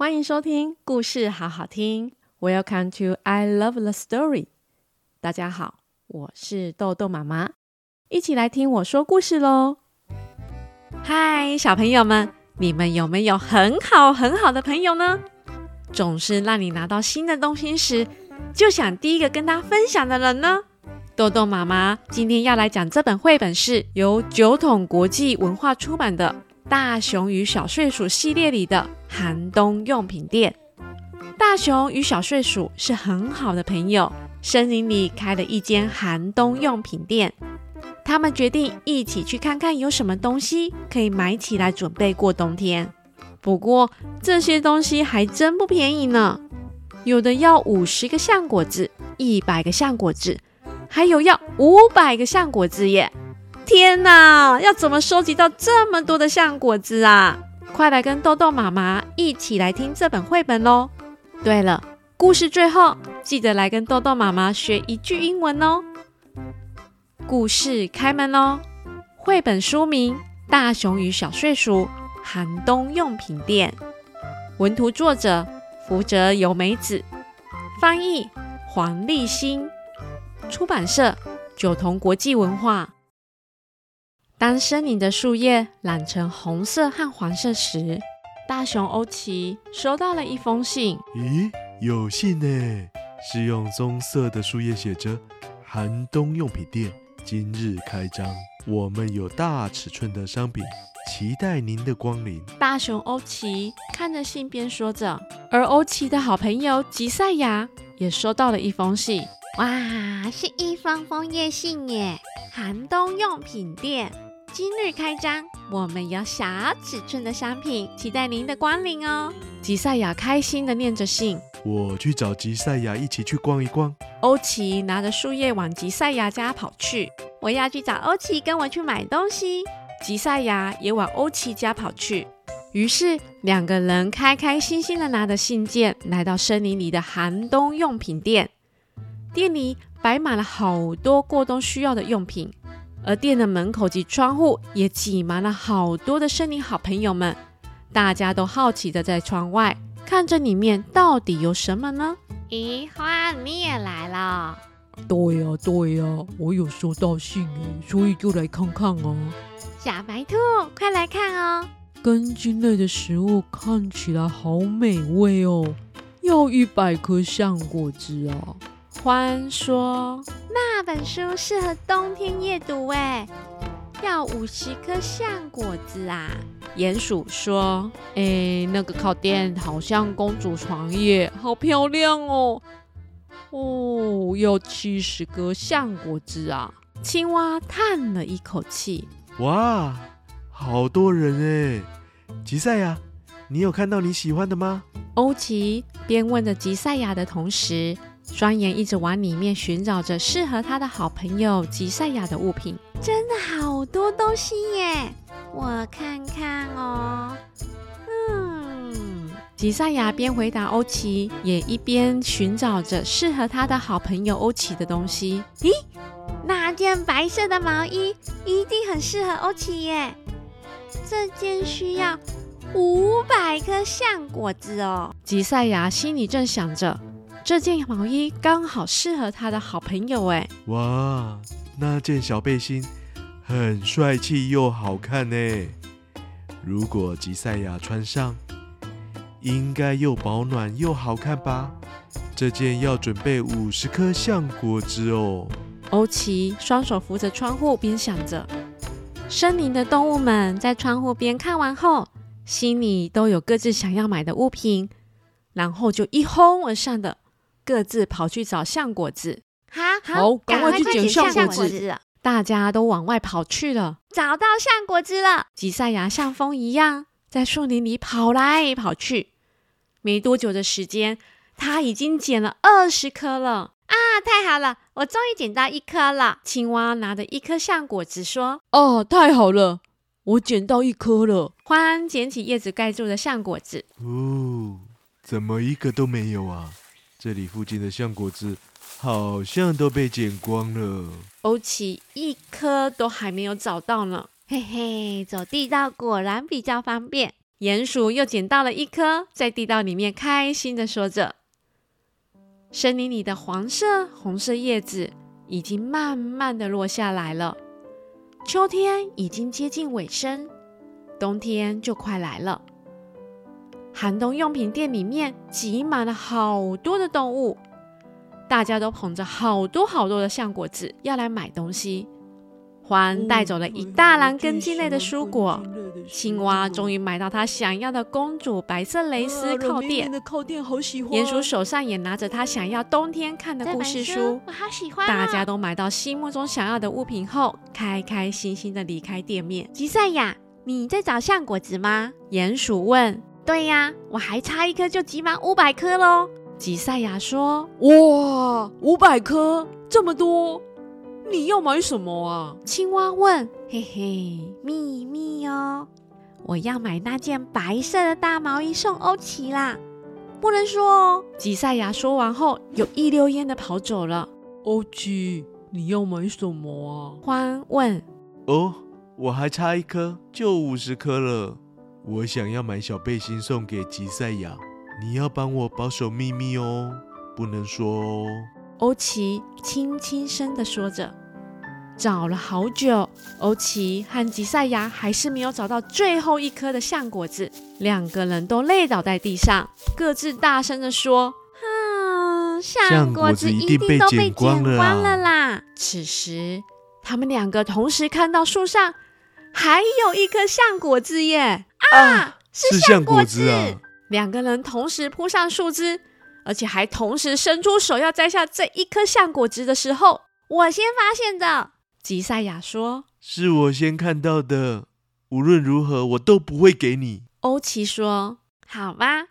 歡迎收聽故事好好聽。Welcome to I love the story。大家好，我是豆豆媽媽，一起來聽我說故事嘍。嗨，小朋友們，你們有沒有很好很好的朋友呢？總是讓你拿到新的東西時，就想第一個跟他分享的人呢？豆豆媽媽今天要來講這本繪本，是由九童國際文化出版的《大熊與小睡鼠》系列裡的。寒冬用品店，大熊與小睡鼠是很好的朋友。森林裡開了一間寒冬用品店，他們決定一起去看看有什麼東西可以買起來準備過冬天。不過這些東西還真不便宜呢，有的要五十個橡果子，一百個橡果子，還有要五百個橡果子耶！天吶，要怎麼收集到這麼多的橡果子啊？快來跟豆豆媽媽一起來聽這本繪本咯。對了，故事最後記得來跟豆豆媽媽學一句英文哦。故事開門咯，繪本書名《大熊與小睡鼠：寒冬用品店》，文圖作者福澤由美子，翻譯黃立忻，出版社九童國際文化。當森林的樹葉染成紅色和黃色時，大熊歐奇收到了一封信。咦，有信呢，是用棕色的樹葉寫着：“寒冬用品店今日開張，我們有大尺寸的商品，期待您的光臨。”大熊歐奇看着信，邊說着。而歐奇的好朋友吉賽亞也收到了一封信。哇，是一封楓葉信耶！寒冬用品店。今日開張，我們有小尺寸的商品，期待您的光臨哦！吉賽亞開心的念着信，我去找吉賽亞一起去逛一逛。歐奇拿着樹葉往吉賽亞家跑去。我要去找歐奇，跟我去買東西。吉賽亞也往歐奇家跑去，於是兩個人開開心心的拿着信件來到森林裡的寒冬用品店，店裡擺滿了好多過冬需要的用品。而店的門口及窗戶也擠滿了好多的森林好朋友們，大家都好奇的在窗外看着裡面到底有什麼呢？咦，花，你也來了？對呀、啊，對呀、啊，我有收到信，所以就來看看哦、啊。小白兔，快來看哦！根莖類的食物看起來好美味哦，要一百顆橡果子哦、啊。寬說：“那本書適合冬天閱讀，哎，要五十顆橡果子啊。”鼹鼠說：“哎、欸，那個靠墊好像公主床耶，好漂亮哦。”哦，有七十顆橡果子啊。青蛙嘆了一口氣：“哇，好多人哎。”吉賽亞，你有看到你喜歡的嗎？歐奇邊問着吉賽亞的同時。雙眼一直往裡面尋找着適合他的好朋友吉賽亞的物品，真的好多東西耶！我看看哦。嗯，吉賽亞邊回答歐奇，也一邊尋找着適合他的好朋友歐奇的東西。咦，那件白色的毛衣一定很適合歐奇耶！這件需要五百顆橡果子哦。吉賽亞心裡正想着。這件毛衣剛好適合他的好朋友誒。哇，那件小背心很帥氣又好看呢。如果吉賽亞穿上，應該又保暖又好看吧？這件要準備五十顆橡果子哦。歐奇雙手扶着窗戶，邊想着，森林的動物們在窗戶邊看完後，心裡都有各自想要買的物品，然後就一哄而上的。各自跑去找橡果子，啊，好，好，趕快，趕快去撿橡果子！果子，大家都往外跑去了，找到橡果子了。吉賽亞像風一樣在樹林裡跑來跑去，沒多久的時間，他已經撿了二十顆了。啊，太好了，我終於撿到一顆了。青蛙拿着一顆橡果子說：“哦，太好了，我撿到一顆了。”歡撿起葉子蓋住的橡果子，哦，怎麼一個都沒有啊？這裡附近的橡果子好像都被撿光了，歐奇一顆都還沒有找到呢。嘿嘿，走地道果然比較方便。鼴鼠又撿到了一顆，在地道裡面開心的說着。森林裡的黃色、紅色葉子已經慢慢的落下來了，秋天已經接近尾聲，冬天就快來了。寒冬用品店裡面擠滿了好多的動物，大家都捧着好多好多的橡果子要來買東西。獾帶走了一大籃根莖類的蔬果，青蛙終於買到他想要的公主白色蕾絲、哦、靠墊。鼴鼠手上也拿着他想要冬天看的故事書，我好喜歡、啊。大家都買到心目中想要的物品後，開開心心的離開店面。吉賽亞，你在找橡果子嗎？鼴鼠問。對呀、啊，我還差一顆就集滿五百顆咯。吉賽亞說：“哇，五百顆這麼多，你要買什麼啊？”青蛙問。“嘿嘿，祕密哦，我要買那件白色的大毛衣送歐奇啦，不能說哦。”吉賽亞說完後，有一溜煙的跑走了。歐奇，你要買什麼啊？歡問。“哦，我還差一顆，就五十顆了。”我想要買小背心送給吉賽亞，你要幫我保守秘密哦，不能說哦。歐奇輕輕聲的說着。找了好久，歐奇和吉賽亞還是沒有找到最後一顆的橡果子，兩個人都累倒在地上，各自大聲的說：“哼，橡果子一定都被撿光了啦！”此時，他們兩個同時看到樹上還有一顆橡果子耶。啊，是橡果子,橡果子啊！兩個人同時撲上樹枝，而且還同時伸出手要摘下這一顆橡果子的時候，我先發現的。吉賽亞說：“是我先看到的。”無論如何，我都不會給你。歐奇說：“好吧，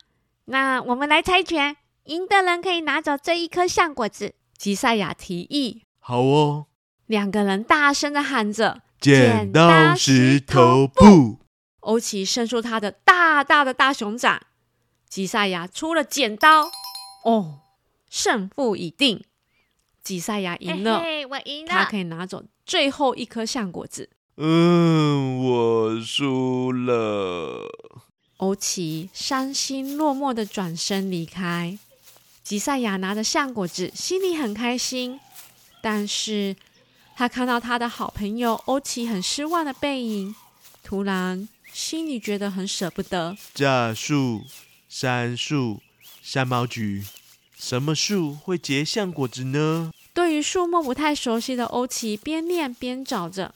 那我們來猜拳，贏的人可以拿走這一顆橡果子。”吉賽亞提議：“好哦！”兩個人大聲地喊着：“剪刀石頭,剪刀石頭布。”歐奇伸出他的大大的大熊掌，吉賽亞出了剪刀。哦，勝負已定，吉賽亞贏了，嘿嘿，我贏了。他可以拿走最後一顆橡果子。嗯，我輸了。歐奇傷心落寞的轉身離開，吉賽亞拿着橡果子，心裡很開心，但是他看到他的好朋友歐奇很失望的背影，突然。心裡覺得很捨不得。柞樹、杉樹、山毛櫸，什麼樹會結橡果子呢？對於樹木不太熟悉的歐奇，邊念邊找着。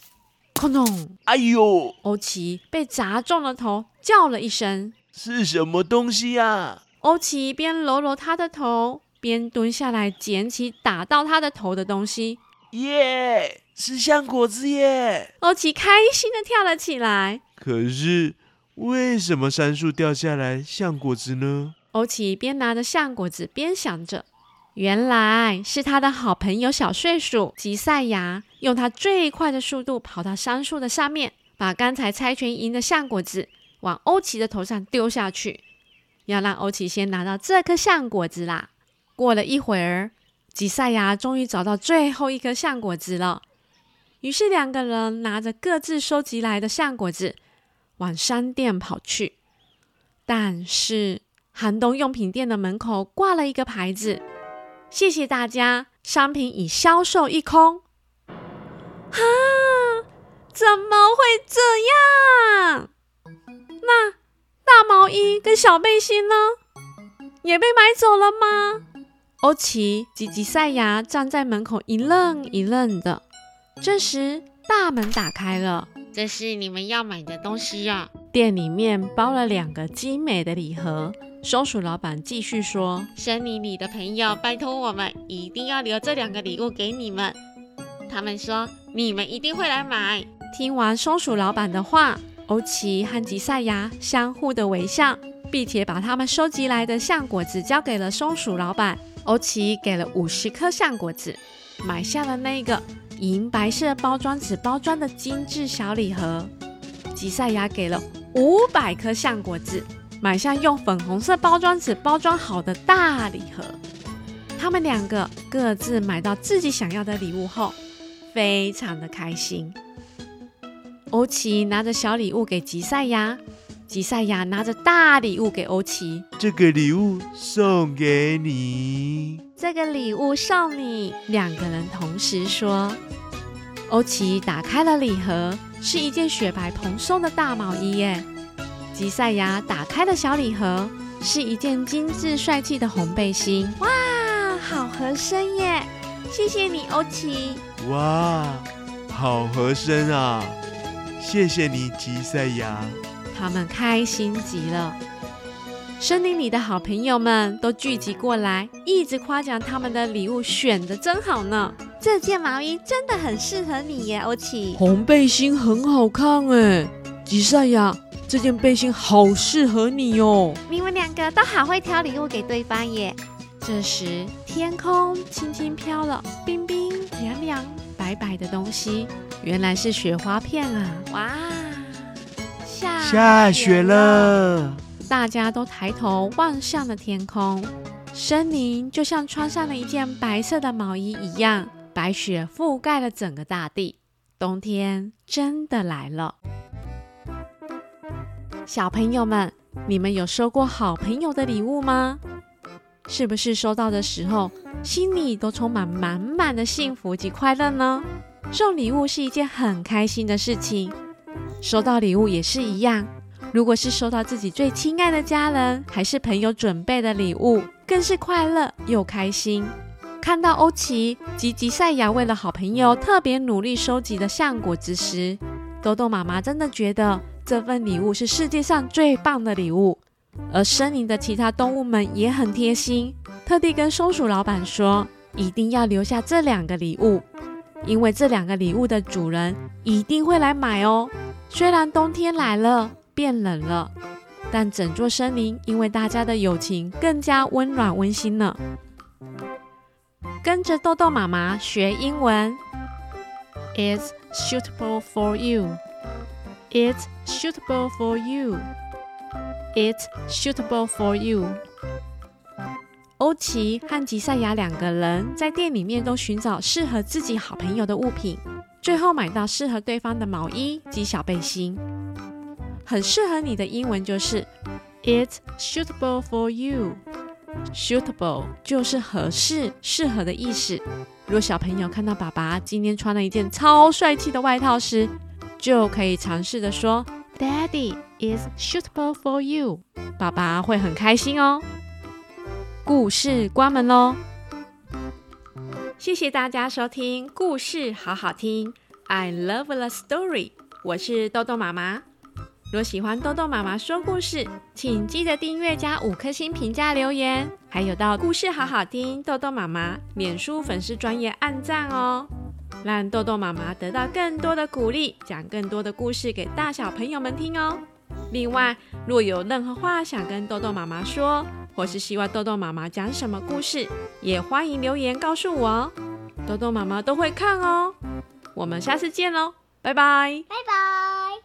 哐咚，哎呦！歐奇被砸中了頭，叫了一聲。是什麼東西啊？歐奇邊揉揉他的頭，邊蹲下來撿起打到他的頭的東西。耶！是橡果子耶！歐奇開心地跳了起來。可是，為什麼杉樹掉下來橡果子呢？歐奇邊拿着橡果子邊想着，原來是他的好朋友小睡鼠吉賽亞用他最快的速度跑到杉樹的上面，把剛才猜拳贏的橡果子往歐奇的頭上丟下去，要讓歐奇先拿到這顆橡果子啦。過了一會兒，吉賽亞終於找到最後一顆橡果子了，於是兩個人拿着各自收集來的橡果子。往商店跑去，但是寒冬用品店的門口掛了一個牌子：“謝謝大家，商品已銷售一空。”啊！怎麼會這樣？那大毛衣跟小背心呢？也被買走了嗎？歐奇、吉吉、賽亞站在門口一愣一愣的。這時，大門打開了。這是你們要買的東西啊！店裡面包了兩個精美的禮盒。松鼠老闆繼續說：“森林裡的朋友，拜托我們一定要留這兩個禮物給你們。他們說你們一定會來買。”聽完松鼠老闆的話，歐奇和吉賽亞相互的微笑，並且把他們收集來的橡果子交給了松鼠老闆。歐奇給了五十顆橡果子，買下了那個。銀白色包裝紙包裝的精致小禮盒，吉賽亞給了五百顆橡果子，買下用粉紅色包裝紙包裝好的大禮盒。他們兩個各自買到自己想要的禮物後，非常的開心。歐奇拿着小禮物給吉賽亞，吉賽亞拿着大禮物給歐奇。這個禮物送給你。這個禮物送你，少女兩個人同時說：“歐奇打開了禮盒，是一件雪白蓬鬆的大毛衣耶。吉賽亞打開了小禮盒，是一件精致帥氣的紅背心。哇，好合身耶！謝謝你，歐奇。哇，好合身啊！謝謝你，吉賽亞！他們開心極了。森林裡的好朋友們都聚集過來，一直誇獎他們的禮物選得真好呢。這件毛衣真的很適合你耶，歐奇。紅背心很好看耶，吉賽亞，這件背心好適合你哦。你們兩個都好會挑禮物給對方耶。這時，天空輕輕飄了冰冰涼涼白白的東西，原來是雪花片啊！哇，下下雪了。大家都抬頭望向了天空，森林就像穿上了一件白色的毛衣一樣，白雪覆蓋了整個大地，冬天真的來了。小朋友們，你們有收過好朋友的禮物嗎？是不是收到的時候心裡都充滿滿滿的幸福及快樂呢？送禮物是一件很開心的事情，收到禮物也是一樣。如果是收到自己最親愛的家人還是朋友準備的禮物，更是快樂又開心。看到歐奇及吉賽亞為了好朋友特別努力收集的橡果子時，荳荳媽媽真的覺得這份禮物是世界上最棒的禮物。而森林的其他動物們也很貼心，特地跟松鼠老闆說，一定要留下這兩個禮物，因為這兩個禮物的主人一定會來買哦。雖然冬天來了，變冷了，但整座森林因為大家的友情更加溫暖溫馨了。跟着荳荳媽媽學英文。It's suitable for you. It's suitable for you. It's suitable for you. 歐奇和吉賽亞兩個人在店裡面都尋找適合自己好朋友的物品，最後買到適合對方的毛衣及小背心。很適合你的英文就是，it's suitable for you。Suitable 就是合適、適合的意思。若小朋友看到爸爸今天穿了一件超帥氣的外套時，就可以嘗試著說，Daddy is suitable for you。爸爸會很開心哦。故事關門咯，謝謝大家收聽故事，好好聽。I love the story。我是豆豆媽媽。若喜歡豆豆媽媽說故事，請記得訂閱加五顆星評價留言，還有到故事好好聽豆豆媽媽臉書粉絲專頁按讚哦，讓豆豆媽媽得到更多的鼓勵，講更多的故事給大小朋友們聽哦。另外，若有任何話想跟豆豆媽媽說，或是希望豆豆媽媽講什麼故事，也歡迎留言告訴我哦，豆豆媽媽都會看哦。我們下次見嘍，拜拜，拜拜。